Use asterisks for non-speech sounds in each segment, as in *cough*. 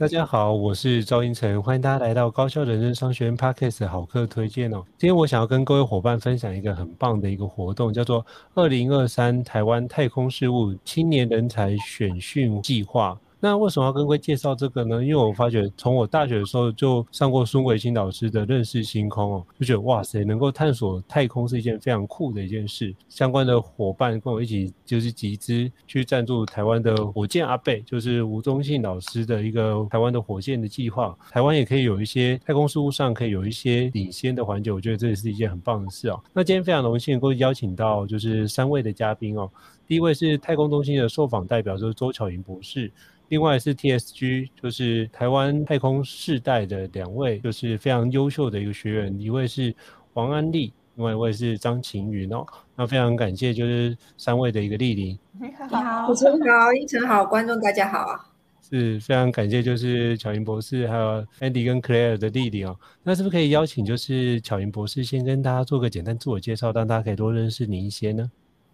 大家好，我是趙胤丞，歡迎大家來到高效人生商學院 Podcast 好課推薦哦。今天我想要跟各位夥伴分享一個很棒的一個活動，叫做二零二三台灣太空事務青年人才選訓計劃。那為什麼要跟各位介紹這個呢？因為我發覺從我大學的時候就上過孫維新老師的《認識星空》，哦，就覺得哇塞，能夠探索太空是一件非常酷的一件事。相關的夥伴跟我一起就是集資去贊助台灣的火箭阿伯，就是吳宗信老師的一個台灣的火箭的計劃。台灣也可以有一些太空事務上可以有一些領先的環節，我覺得這也是一件很棒的事哦。那今天非常榮幸，能夠邀請到就是三位的嘉賓哦。第一位是太空中心的受訪代表，就是周巧盈博士。另外是 TSG，就是台灣太空世代的兩位，就是非常優秀的一個學員，一位是王安棣，另外一位是張芹芸哦。那非常感謝，就是三位的一個蒞臨。你好，主持人好，胤丞好，好，觀眾大家好啊！是非常感謝，就是巧盈博士還有 Andy 跟 Claire 的蒞臨哦。那是不是可以邀請，就是巧盈博士先跟大家做個簡單自我介紹，讓大家可以多認識你一些呢？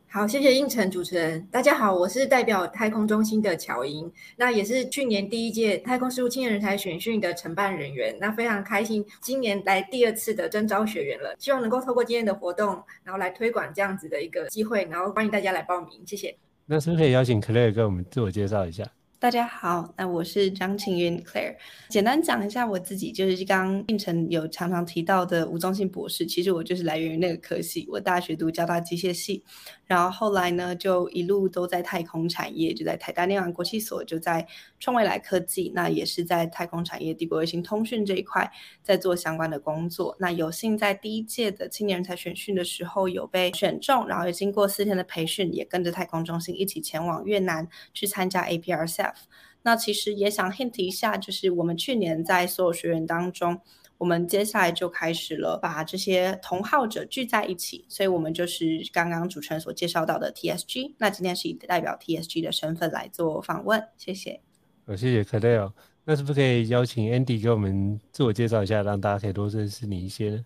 好，謝謝胤丞主持人。大家好，我是代表太空中心的巧盈，那也是去年第一屆太空事務青年人才選訓的承辦人員，那非常開心，今年來第二次的徵招學員了，希望能夠透過今天的活動，然後來推廣這樣子的一個機會，然後歡迎大家來報名，謝謝。那是不是可以邀請 Claire 跟我們自我介紹一下？大家好，那我是張芹芸 Claire。簡單講一下我自己，就是剛剛胤丞有常常提到的吳宗信博士，其實我就是來源於那個科系，我大學讀交大機械系，然後後來呢就一路都在太空產業，就在台大那晚國際所，就在創未來科技，那也是在太空產業低軌衛星通訊這一塊在做相關的工作。那有幸在第一屆的青年人才選訓的時候有被選中，然後也經過四天的培訓，也跟着太空中心一起前往越南去參加 APRSAF。那其實也想 hint 一下，就是我們去年在所有學員當中，我們接下來就開始了把這些同好者聚在一起，所以我們就是剛剛主持人所介紹到的 TSG。那今天是以代表 TSG 的身份來做訪問，謝謝。呃，謝謝 Kaleo。那是不是可以邀請 Andy 給我們自我介紹一下，讓大家可以多認識你一些呢？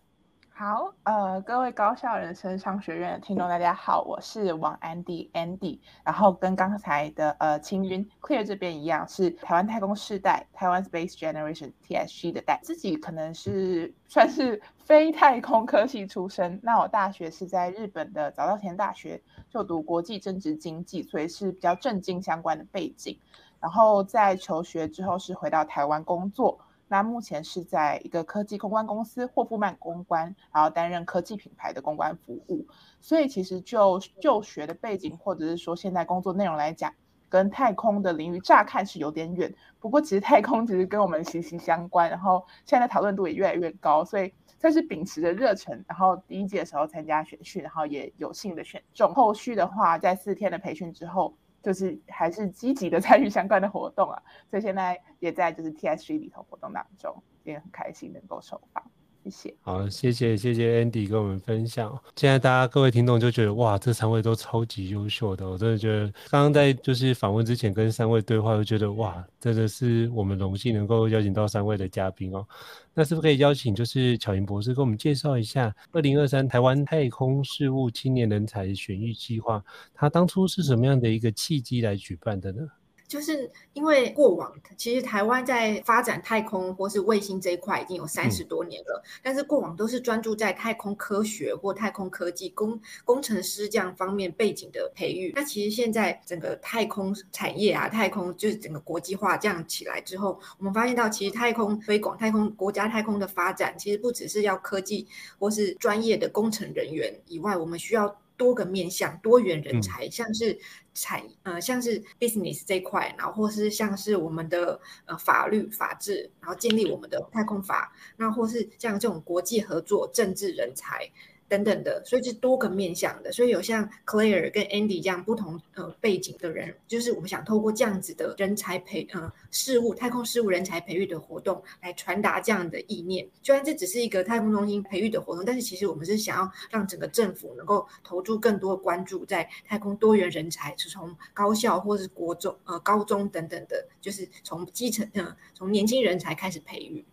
好，呃，各位高效人生商學院的聽眾大家好，我是王安棣 Andy，然後跟剛才的呃芹芸 Clear 這邊一樣，是台灣太空世代台灣 Space Generation TSG 的代，自己可能是算是非太空科系出身，那我大學是在日本的早稻田大學就讀國際政治經濟，所以是比較政經相關的背景，然後在求學之後是回到台灣工作。那目前是在一個科技公關公司霍夫曼公關，然後擔任科技品牌的公關服務，所以其實就就學的背景或者是說現在工作內容來講，跟太空的領域乍看是有點遠，不過其實太空其實跟我們息息相關，然後現在討論度也越來越高，所以算是秉持着熱忱，然後第一屆的時候參加選訓，然後也有幸的選中，後續的話在四天的培訓之後。就是還是積極的參與相關的活動啊，所以現在也在就是 TSG 裡頭活動當中，也很開心能夠受訪。謝謝，好，謝謝，謝謝 Andy 跟我們分享。現在大家各位聽眾就覺得，哇，這三位都超級優秀的，我真的覺得。剛剛在就是訪問之前跟三位對話，我覺得哇，真的是我們榮幸能夠邀請到三位的嘉賓哦。那是不是可以邀請就是巧盈博士跟我們介紹一下二零二三台灣太空事務青年人才選訓計畫？它當初是什麼樣的一個契機來舉辦的呢？就是因為過往其實台灣在發展太空或是衛星這一塊已經有三十多年了，嗯。但是過往都是專注在太空科學或太空科技工工程師這樣方面背景的培育。那其實現在整個太空產業啊，太空就是整個國際化這樣起來之後，我們發現到其實太空推廣太空國家太空的發展，其實不只是要科技或是專業的工程人員以外，我們需要。多個面向、多元人才，像是產、嗯、呃，像是 business 這塊，然後或是像是我們的呃法律、法制，然後建立我們的太空法，那或是像這種國際合作、政治人才。等等的，所以是多個面向的。所以有像 Claire 跟 Andy 這樣不同呃背景的人，就是我們想透過這樣子的人才培呃事務太空事務人才培育的活動，來傳達這樣的意念。雖然這只是一個太空中心培育的活動，但是其實我們是想要讓整個政府能夠投注更多的關注在太空多元人才，是從高校或是國中呃高中等等的，就是從基層呃從年輕人才開始培育。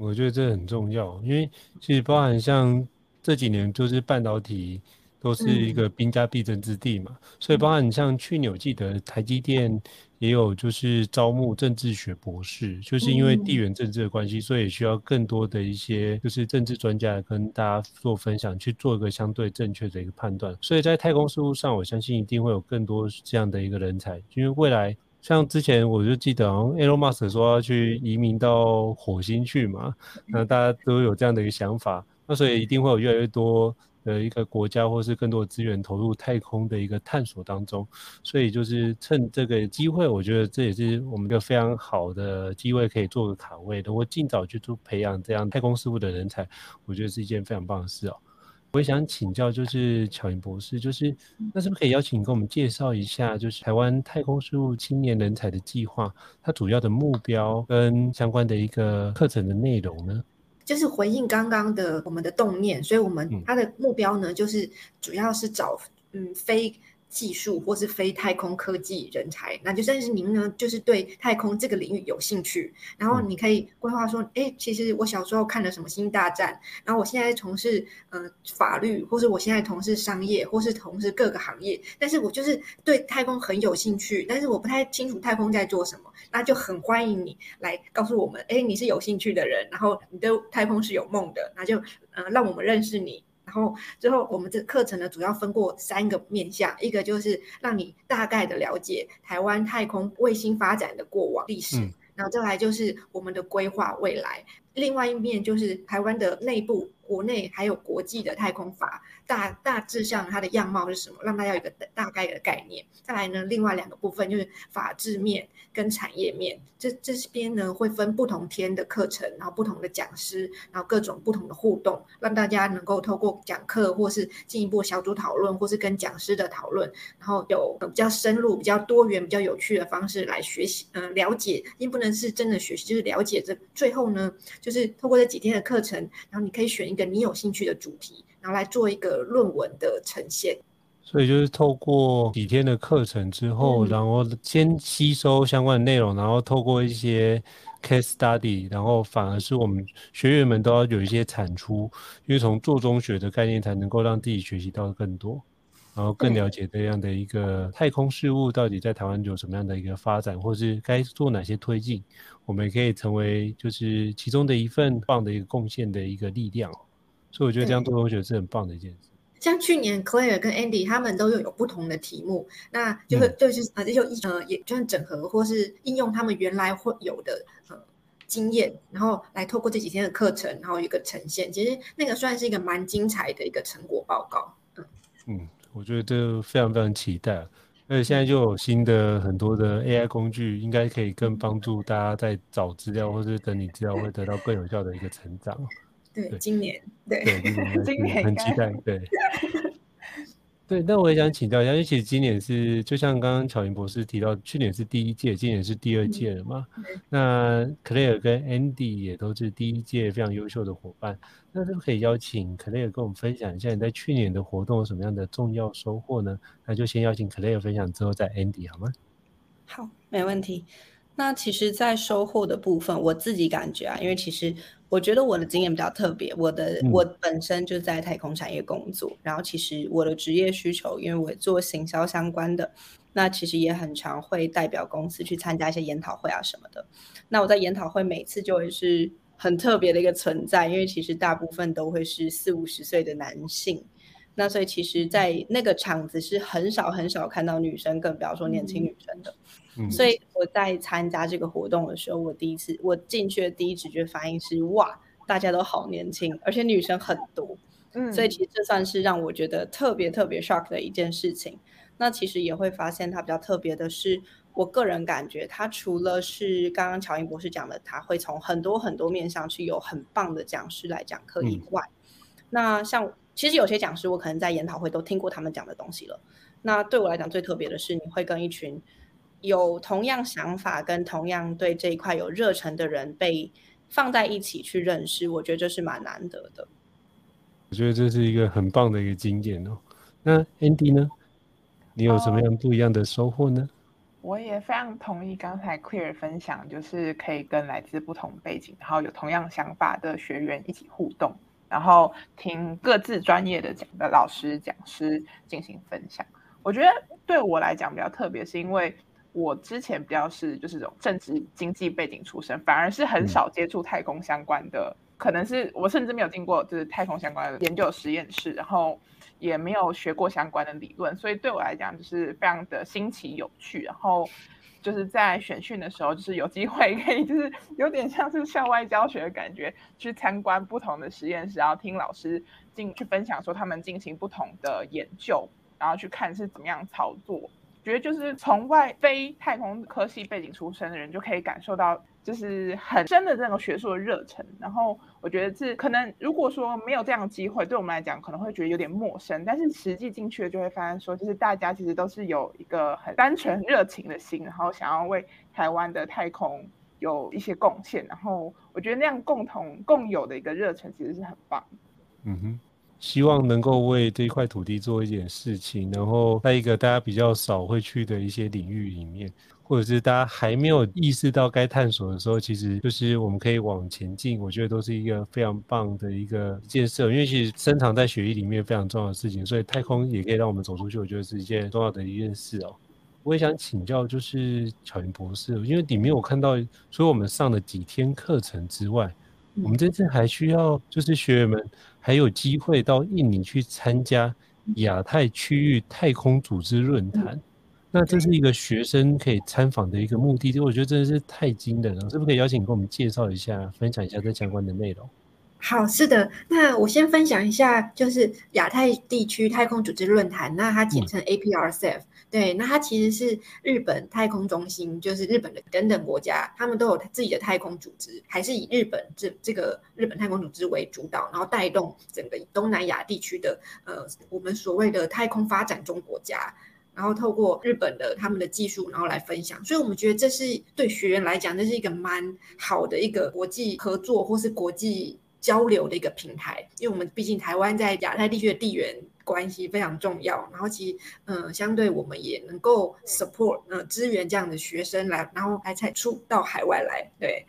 我覺得這很重要，因為其實包含像。這幾年就是半導體都是一個兵家必爭之地嘛，所以包括你像去年我記得台積電也有就是招募政治學博士，就是因為地緣政治的關係，所以需要更多的一些就是政治專家來跟大家做分享，去做一個相對正確的一個判斷。所以在太空事務上，我相信一定會有更多這樣的一個人才，因為未來像之前我就記得 Elon Musk 說要去移民到火星去嘛，那大家都有這樣的一個想法。那所以一定會有越來越多的一個國家，或是更多的資源投入太空的一個探索當中。所以就是趁這個機會，我覺得這也是我們的非常好的機會，可以做個卡位，如果盡早去做培養這樣太空事務的人才，我覺得是一件非常棒的事哦。我也想請教，就是巧盈博士，就是那是不是可以邀請你跟我們介紹一下，就是台灣太空事務青年人才的計劃，它主要的目標跟相關的一個課程的內容呢？就是回應剛剛的我們的動念，所以我們它的目標呢，嗯、就是主要是找嗯非技術或是非太空科技人才，那就算是您，呢，就是對太空這個領域有興趣，然後你可以規劃說：哎、欸，其實我小時候看了什麼《星際大戰》，然後我現在從事、呃、法律，或是我現在從事商業，或是從事各個行業，但是我就是對太空很有興趣，但是我不太清楚太空在做什麼。那就很歡迎你來告訴我們：哎、欸，你是有興趣的人，然後你對太空是有夢的，那就呃讓我們認識你。然後最後，我們這課程呢，主要分過三個面向，一個就是讓你大概的了解台灣太空衛星發展的過往歷史，然後再來就是我們的規劃未來，另外一面就是台灣的內部、國內還有國際的太空法。大大致上它的樣貌是什麼，讓大家有一個大概的概念。再來呢，另外兩個部分就是法治面跟產業面，這這邊呢會分不同天的課程，然後不同的講師，然後各種不同的互動，讓大家能夠透過講課，或是進一步小組討論，或是跟講師的討論，然後有比較深入、比較多元、比較有趣的方式來學習，嗯、呃，了解，因為不能是真的學習，就是了解這。這最後呢，就是透過這幾天的課程，然後你可以選一個你有興趣的主題。拿來做一個論文的呈現，所以就是透過幾天的課程之後，嗯、然後先吸收相關的內容，然後透過一些 case study，然後反而是我們學員們都要有一些產出，因為從做中學的概念才能夠讓自己學習到更多，然後更了解這樣的一個太空事務到底在台灣有什麼樣的一個發展，或是該做哪些推進，我們可以成為就是其中的一份棒的一個貢獻的一個力量。所以我覺得這樣做同學是很棒的一件事。像去年 Claire 跟 Andy 他們都有有不同的題目，那就是、嗯、就是啊就一呃也就是整合或是應用他們原來會有的呃、嗯、經驗，然後來透過這幾天的課程，然後一個呈現，其實那個算是一個蠻精彩的一個成果報告。嗯，嗯我覺得就非常非常期待，而且現在就有新的很多的 AI 工具，嗯、應該可以更幫助大家在找資料、嗯、或是等你資料，會得到更有效的一個成長。嗯 *laughs* 對，今年對，今年很期待，對， *laughs* 對。那我也想請教一下，因為其實今年是，就像剛剛巧盈博士提到，去年是第一屆，今年是第二屆了嘛？嗯嗯、那 Claire 跟 Andy 也都是第一屆非常優秀的夥伴，那可不可以邀請 Claire 跟我們分享一下你在去年的活動有什麼樣的重要收穫呢？那就先邀請 Claire 分享之後再 Andy 好嗎？好，沒問題。那其實，在收穫的部分，我自己感覺啊，因為其實。我覺得我的經驗比較特別，我的我本身就在太空產業工作，嗯、然後其實我的職業需求，因為我做行銷相關的，那其實也很常會代表公司去參加一些研討會啊什麼的。那我在研討會每次就會是很特別的一個存在，因為其實大部分都會是四五十歲的男性，那所以其實，在那個場子是很少很少看到女生，更不要說年輕女生的。嗯所以我在參加這個活動的時候，我第一次我進去的第一直覺反應是哇，大家都好年輕，而且女生很多。嗯，所以其實這算是讓我覺得特別特別 shock 的一件事情。那其實也會發現它比較特別的是，我個人感覺它除了是剛剛巧盈博士講的，他會從很多很多面上去有很棒的講師來講課以外，嗯、那像其實有些講師我可能在研討會都聽過他們講的東西了。那對我來講最特別的是，你會跟一群。有同樣想法跟同樣對這一塊有熱忱的人被放在一起去認識，我覺得這是蠻難得的。我覺得這是一個很棒的一個經驗哦。那 Andy 呢？你有什麼樣不一樣的收穫呢？Oh, 我也非常同意剛才 Clear 分享，就是可以跟來自不同背景，然後有同樣想法的學員一起互動，然後聽各自專業的講的老師講師進行分享。我覺得對我來講比較特別，是因為。我之前比較是就是這種政治經濟背景出身，反而是很少接觸太空相關的，可能是我甚至沒有進過就是太空相關的研究實驗室，然後也沒有學過相關的理論，所以對我來講就是非常的新奇有趣。然後就是在選訓的時候，就是有機會可以就是有點像是校外教學的感覺，去參觀不同的實驗室，然後聽老師進去分享說他們進行不同的研究，然後去看是怎麼樣操作。覺得就是從外非太空科系背景出身的人，就可以感受到就是很深的這種學術的熱忱。然後我覺得是可能，如果說沒有這樣的機會，對我們來講可能會覺得有點陌生。但是實際進去了就會發現說，就是大家其實都是有一個很單純、熱情的心，然後想要為台灣的太空有一些貢獻。然後我覺得那樣共同共有的一個熱忱，其實是很棒。嗯哼。希望能夠為這一塊土地做一點事情，然後在一個大家比較少會去的一些領域裡面，或者是大家還沒有意識到該探索的時候，其實就是我們可以往前進。我覺得都是一個非常棒的一個建設，因為其實深藏在血液裡面非常重要的事情，所以太空也可以讓我們走出去。我覺得是一件重要的一件事哦。我也想請教，就是巧盈博士，因為裡面我看到，除了我們上了幾天課程之外，我們真正還需要就是學員們。還有機會到印尼去參加亞太區域太空組織論壇，那這是一個學生可以參訪的一個目的地，我覺得真的是太驚人了，是不是可以邀請你跟我們介紹一下，分享一下這相關的內容？好，是的，那我先分享一下，就是亞太地區太空組織論壇，那它簡稱 APRSAF，嗯，對，那它其實是日本太空中心，就是日本的等等國家，他們都有自己的太空組織，還是以日本這這個日本太空組織為主導，然後帶動整個東南亞地區的呃，我們所謂的太空發展中國家，然後透過日本的他們的技術，然後來分享，所以我們覺得這是對學員來講，這是一個蠻好的一個國際合作，或是國際，交流的一個平台，因為我們畢竟台灣在亞太地區的地緣關係非常重要，然後其實嗯、呃，相對我們也能夠 support 呃，支援這樣的學生來，然後還才出到海外來，對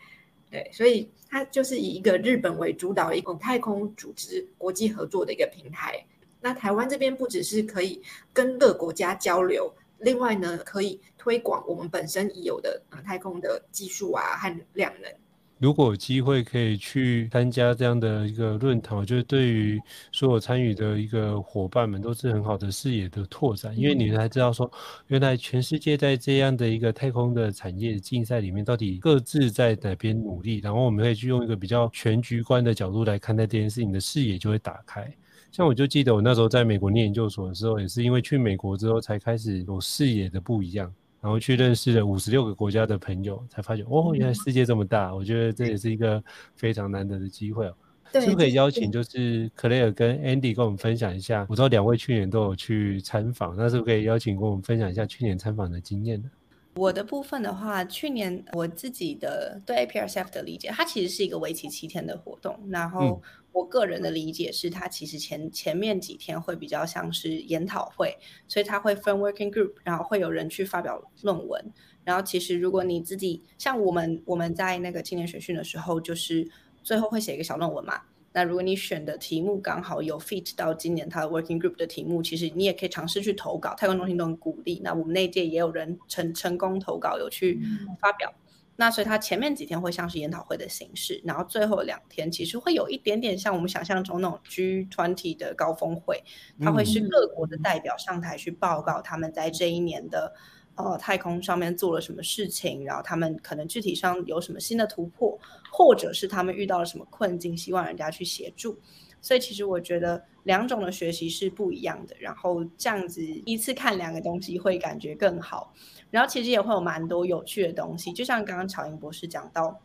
對，所以它就是以一個日本為主導，一個太空組織國際合作的一個平台。那台灣這邊不只是可以跟各國家交流，另外呢，可以推廣我們本身已有的呃太空的技術啊和量能。如果有機會可以去參加這樣的一個論壇，我覺得對於所有參與的一個夥伴們都是很好的視野的拓展，因為你們才知道說，原來全世界在這樣的一個太空的產業競賽裡面，到底各自在哪邊努力，然後我們可以去用一個比較全局觀的角度來看待這件事情，你的視野就會打開。像我就記得我那時候在美國念研究所的時候，也是因為去美國之後才開始有視野的不一樣。然後去認識了五十六個國家的朋友，才發現哦，原來世界這麼大。嗯、我覺得這也是一個非常難得的機會哦。對是不是可以邀請就是 Claire 跟 Andy 跟我們分享一下？我知道兩位去年都有去參訪，那是不是可以邀請跟我們分享一下去年參訪的經驗呢？我的部分的話，去年我自己的對 APRSAF 的理解，它其實是一個為期七天的活動。然後我個人的理解是，它其實前前面幾天會比較像是研討會，所以它會分 working group，然後會有人去發表論文。然後其實如果你自己像我們我們在那個青年選訓的時候，就是最後會寫一個小論文嘛。那如果你選的題目剛好有 fit 到今年它的 working group 的題目，其實你也可以嘗試去投稿，太空中心都很鼓勵。那我們那一屆也有人成成功投稿，有去發表。嗯、那所以它前面幾天會像是研討會的形式，然後最後兩天其實會有一點點像我們想象中那種 G20 的高峰會，它會是各國的代表上台去報告他們在這一年的。哦、呃，太空上面做了什麼事情？然後他們可能具體上有什麼新的突破，或者是他們遇到了什麼困境，希望人家去協助。所以其實我覺得兩種的學習是不一樣的。然後這樣子一次看兩個東西會感覺更好。然後其實也會有蠻多有趣的東西，就像剛剛巧盈博士講到，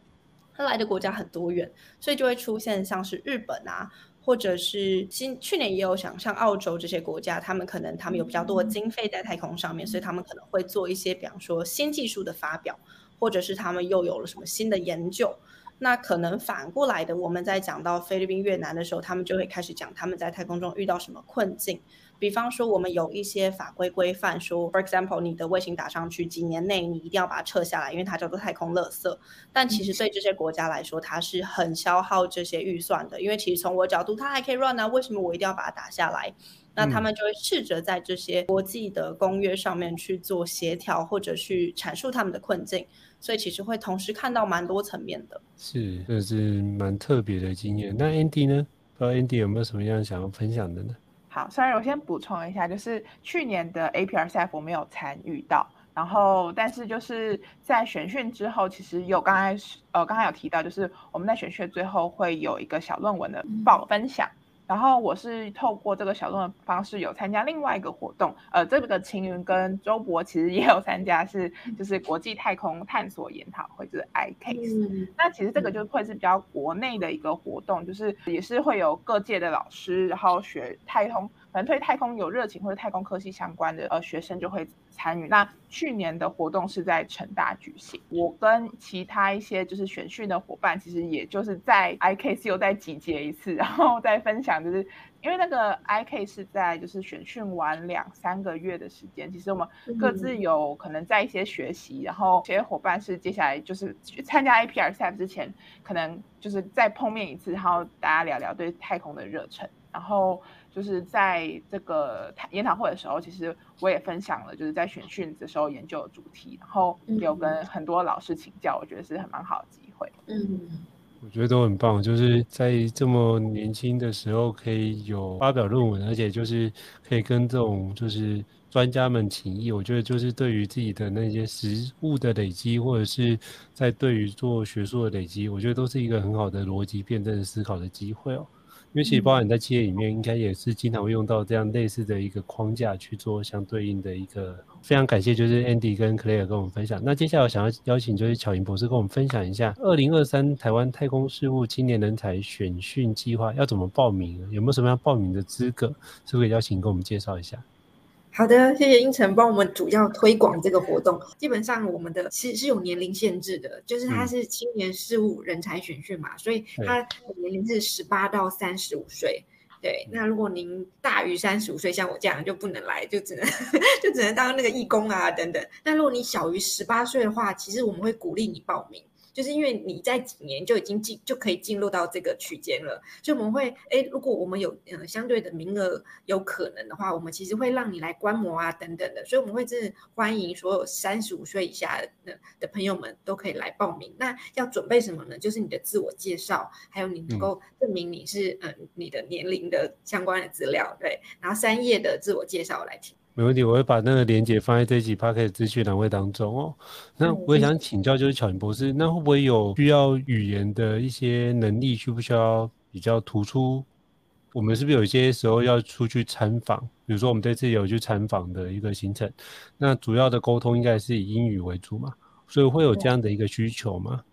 他來的國家很多元，所以就會出現像是日本啊。或者是新去年也有想像澳洲這些國家，他們可能他們有比較多的經費在太空上面，所以他們可能會做一些，比方說新技術的發表，或者是他們又有了什麼新的研究。那可能反過來的，我們在講到菲律賓、越南的時候，他們就會開始講他們在太空中遇到什麼困境。比方說，我們有一些法規規範說，For example，你的衛星打上去，幾年內你一定要把它撤下來，因為它叫做太空垃圾。但其實對這些國家來說，它是很消耗這些預算的，因為其實從我角度，它還可以 run 啊，為什麼我一定要把它打下來？那他們就會試着在這些國際的公約上面去做協調，或者去闡述他們的困境。所以其實會同時看到蠻多層面的，是，這是蠻特別的經驗。那安棣呢？不知道安棣有沒有什麼樣想要分享的呢？好，雖然我先補充一下，就是去年的 APRSAF 我沒有參與到，然後，但是就是在選訓之後，其實有剛才呃，剛剛有提到，就是我們在選訓最後會有一個小論文的報、嗯、分享。然後我是透過這個小眾的方式有參加另外一個活動，呃，這個芹芸跟周博其實也有參加，是就是國際太空探索研討會，就是 ICASE，嗯，那其實這個就會是比較國內的一個活動，就是也是會有各界的老師，然後學太空。反正對太空有熱情或者太空科系相關的呃學生就會參與。那去年的活動是在成大舉行。我跟其他一些就是選訓的夥伴，其實也就是在 IKC 又再集結一次，然後再分享，就是因為那個 IK 是在就是選訓完兩三個月的時間，其實我們各自有可能在一些學習，然後這些夥伴是接下來就是去參加 APRSAF 之前，可能就是再碰面一次，然後大家聊聊對太空的熱忱，然後。就是在這個研討會的時候，其實我也分享了，就是在選訓的時候研究的主題，然後有跟很多老師請教，我覺得是很蠻好的機會。嗯，我覺得都很棒，就是在這麼年輕的時候可以有發表論文，而且就是可以跟這種就是專家們請益，我覺得就是對於自己的那些實務的累積，或者是在對於做學術的累積，我覺得都是一個很好的邏輯辯證思考的機會哦。因為其實包含在企業裡面，應該也是經常會用到這樣類似的一個框架去做相對應的一個。非常感謝，就是 Andy 跟 Claire 跟我們分享。那接下來我想要邀請就是巧盈博士跟我們分享一下，二零二三台灣太空事務青年人才選訓計劃要怎麼報名啊？有沒有什麼要報名的資格？是不是可以邀請跟我們介紹一下？好的，謝謝胤丞幫我們主要推廣這個活動。基本上我們的其實是有年齡限制的，就是它是青年事務、嗯、人才選訓嘛，所以它年齡是十八到三十五歲。嗯、對，那如果您大於三十五歲，像我這樣就不能來，就只能 *laughs* 就只能當那個義工啊等等。但如果你小於十八歲的話，其實我們會鼓勵你報名。就是因為你在幾年就已經進就可以進入到這個區間了，所以我們會誒、欸，如果我們有呃相對的名額有可能的話，我們其實會讓你來觀摩啊等等的，所以我們會真是歡迎所有三十五歲以下的的朋友們都可以來報名。那要準備什麼呢？就是你的自我介紹，還有你能夠證明你是嗯你的年齡的相關的資料，嗯、對，然後三頁的自我介紹來聽。沒問題，我會把那個鏈接放在這集 podcast 資訊欄位當中哦。那我也想請教，就是巧盈博士，嗯、那會不會有需要語言的一些能力？需不需要比較突出？我們是不是有一些時候要出去參訪？比如說我們這次有去參訪的一個行程，那主要的溝通應該是以英語為主嘛？所以會有這樣的一個需求嗎？嗯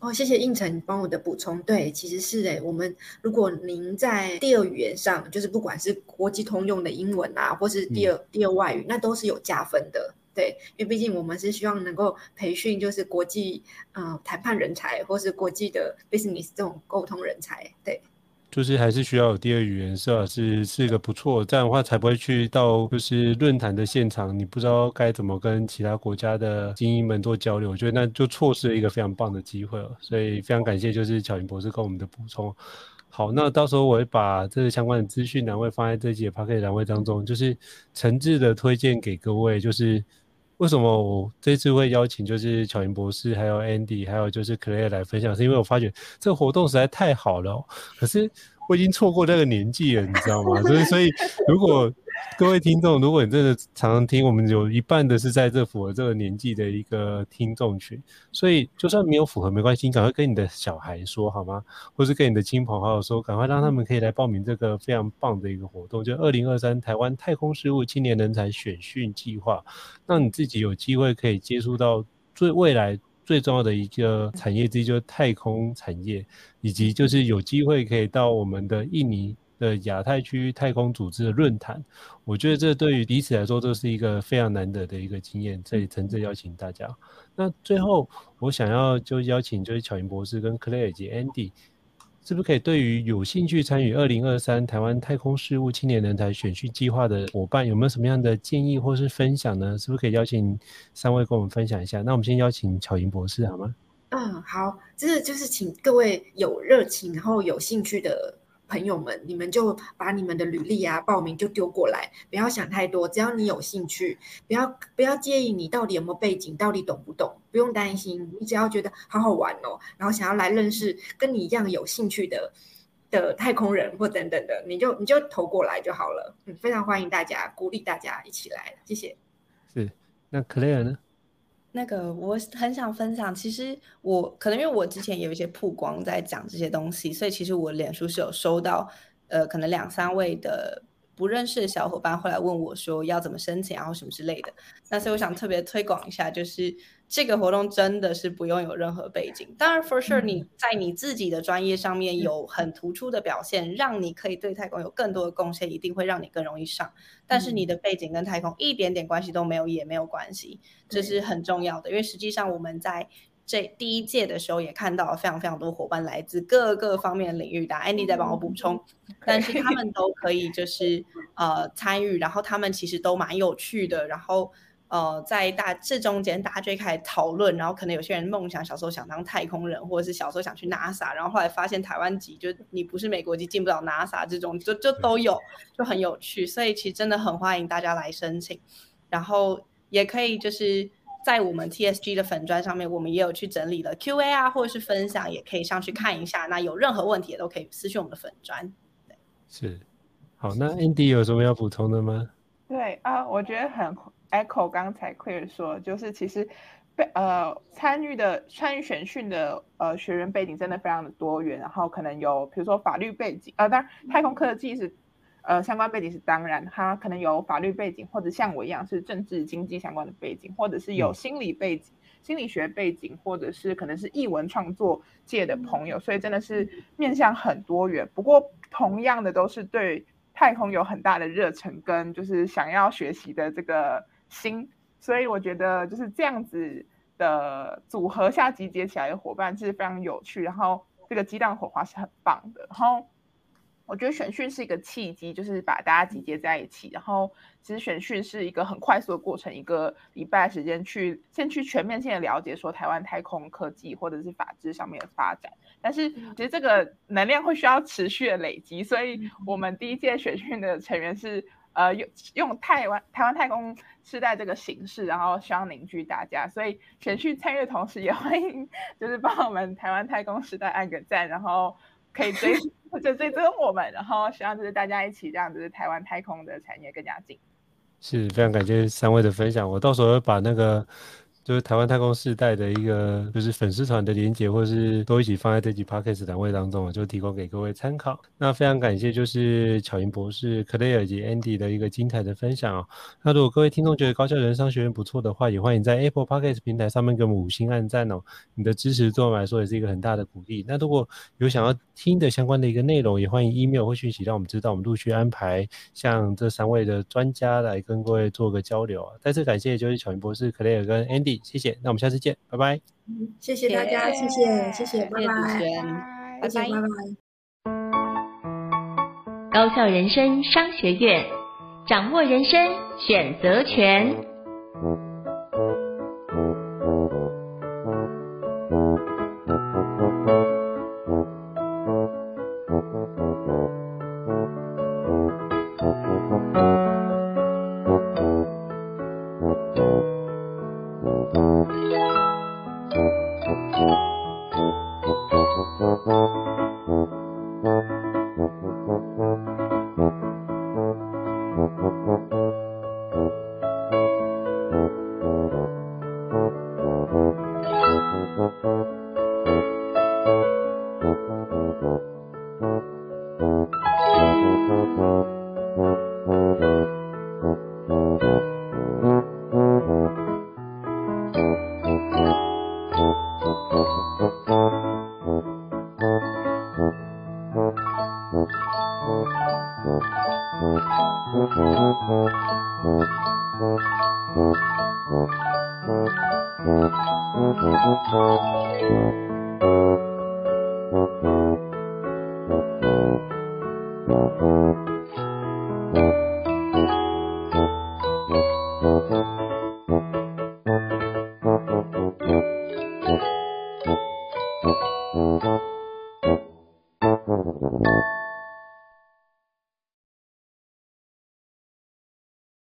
哦，謝謝胤丞你幫我的補充。對，其實是哎，我們如果您在第二語言上，就是不管是國際通用的英文啊，或是第二、嗯、第二外語，那都是有加分的。對，因為畢竟我們是希望能夠培訓就是國際嗯、呃、談判人才，或是國際的 business 這種溝通人才。對。就是還是需要有第二語言，是吧？是是一個不錯，這樣的話才不會去到就是論壇的現場，你不知道該怎麼跟其他國家的精英們做交流，我覺得那就錯失了一個非常棒的機會了。所以非常感謝，就是巧盈博士跟我們的補充。好，那到時候我會把這個相關的資訊呢，會放在這期的 packet 單位當中，就是誠摯的推薦給各位，就是。為什麼我這次會邀請就是巧盈博士，還有 Andy，還有就是 Claire 來分享？是因為我發覺這個活動實在太好了，可是。我已經錯過這個年紀了，你知道嗎？所以，所以如果各位聽眾，如果你真的常常聽，我們有一半的是在這符合這個年紀的一個聽眾群，所以就算沒有符合沒關係，趕快跟你的小孩說好嗎？或是跟你的親朋好友說，趕快讓他們可以來報名這個非常棒的一個活動，就2023台灣太空事務青年人才選訓計劃，讓你自己有機會可以接觸到最未來、最重要的一個產業之一就是太空產業，以及就是有機會可以到我們的印尼的亞太區太空組織的論壇，我覺得這對於彼此來說都是一個非常難得的一個經驗，所以誠摯邀請大家。那最後我想要就邀請就是巧盈博士跟 Claire 以及 Andy。是不是可以對於有興趣參與二零二三臺灣太空事務青年人才選訓計劃的夥伴，有沒有什麼樣的建議或是分享呢？是不是可以邀請三位跟我們分享一下？那我們先邀請巧盈博士好嗎？嗯，好，這個就是請各位有熱情然後有興趣的。朋友們，你們就把你們的履歷啊、報名就丟過來，不要想太多，只要你有興趣，不要不要介意你到底有沒有背景，到底懂不懂，不用擔心，你只要覺得好好玩哦，然後想要來認識跟你一樣有興趣的的太空人或等等的，你就你就投過來就好了。嗯，非常歡迎大家，鼓勵大家一起來，謝謝。是，那 Claire 呢？那個我很想分享，其實我可能因為我之前有一些曝光在講這些東西，所以其實我臉書是有收到，呃，可能兩三位的不認識的小伙伴會來問我，說要怎麼申請，然後什麼之類的。那所以我想特別推廣一下，就是。這個活動真的是不用有任何背景，當然，for sure，你在你自己的專業上面有很突出的表現，嗯、讓你可以對太空有更多的貢獻，一定會讓你更容易上。但是你的背景跟太空一點點關係都沒有也沒有關係，這是很重要的。對因為實際上我們在這第一屆的時候也看到了非常非常多夥伴來自各個方面的領域的、啊，安棣、嗯、再幫我補充，嗯、但是他們都可以就是 *laughs* 呃參與，然後他們其實都蠻有趣的，然後。呃，在大這中間，大家就開始討論，然後可能有些人夢想小時候想當太空人，或者是小時候想去 NASA，然後後來發現台灣籍就你不是美國籍進不了 NASA，這種就就都有，就很有趣。所以其實真的很歡迎大家來申請，然後也可以就是在我們 TSG 的粉專上面，我們也有去整理了 Q&A 啊，或者是分享，也可以上去看一下。那有任何問題也都可以私訊我們的粉專。對是，好，那 Andy 有什麼要補充的嗎？是是對啊，我覺得很。Echo 剛才 clear 說，就是其實被呃參與的參與選訓的呃學員背景真的非常的多元，然後可能有比如說法律背景，呃當然太空科技是呃相關背景是當然，他可能有法律背景，或者像我一樣是政治經濟相關的背景，或者是有心理背景、嗯、心理學背景，或者是可能是藝文創作界的朋友，嗯、所以真的是面向很多元。不過同樣的都是對太空有很大的熱忱跟就是想要學習的這個。心，所以我覺得就是這樣子的組合下集結起來的夥伴是非常有趣。然後這個激盪火花是很棒的。然後我覺得選訓是一個契機，就是把大家集結在一起。然後其實選訓是一個很快速的過程，一個禮拜時間去先去全面性的了解說台灣太空科技或者是法治上面的發展。但是其實這個能量會需要持續的累積，所以我們第一屆選訓的成員是。呃，用用台灣台灣太空世代這個形式，然後希望凝聚大家，所以前去參與的同時也歡迎，就是幫我們台灣太空世代按個讚，然後可以追或者 *laughs* 追蹤我們，然後希望就是大家一起這樣子，台灣太空的產業更加進。是非常感謝三位的分享，我到時候把那個。就是台灣太空世代的一個，就是粉絲團的連結，或是都一起放在這集 podcast 欄位當中，就提供給各位參考。那非常感謝，就是巧盈博士、Claire 以及 Andy 的一個精彩的分享哦。那如果各位聽眾覺得高效人生商學院不錯的話，也歡迎在 Apple Podcast 平台上面給我們五星按贊哦。你的支持對我們來說也是一個很大的鼓勵。那如果有想要聽的相關的一個內容，也歡迎 email 或訊息讓我們知道，我們陸續安排像這三位的專家來跟各位做個交流啊。再次感謝，就是巧盈博士、Claire 跟 Andy。謝謝，那我們下次見，拜拜。謝謝大家，謝謝，謝謝，謝謝拜拜，前拜拜，高效人生商學院，掌握人生選擇權。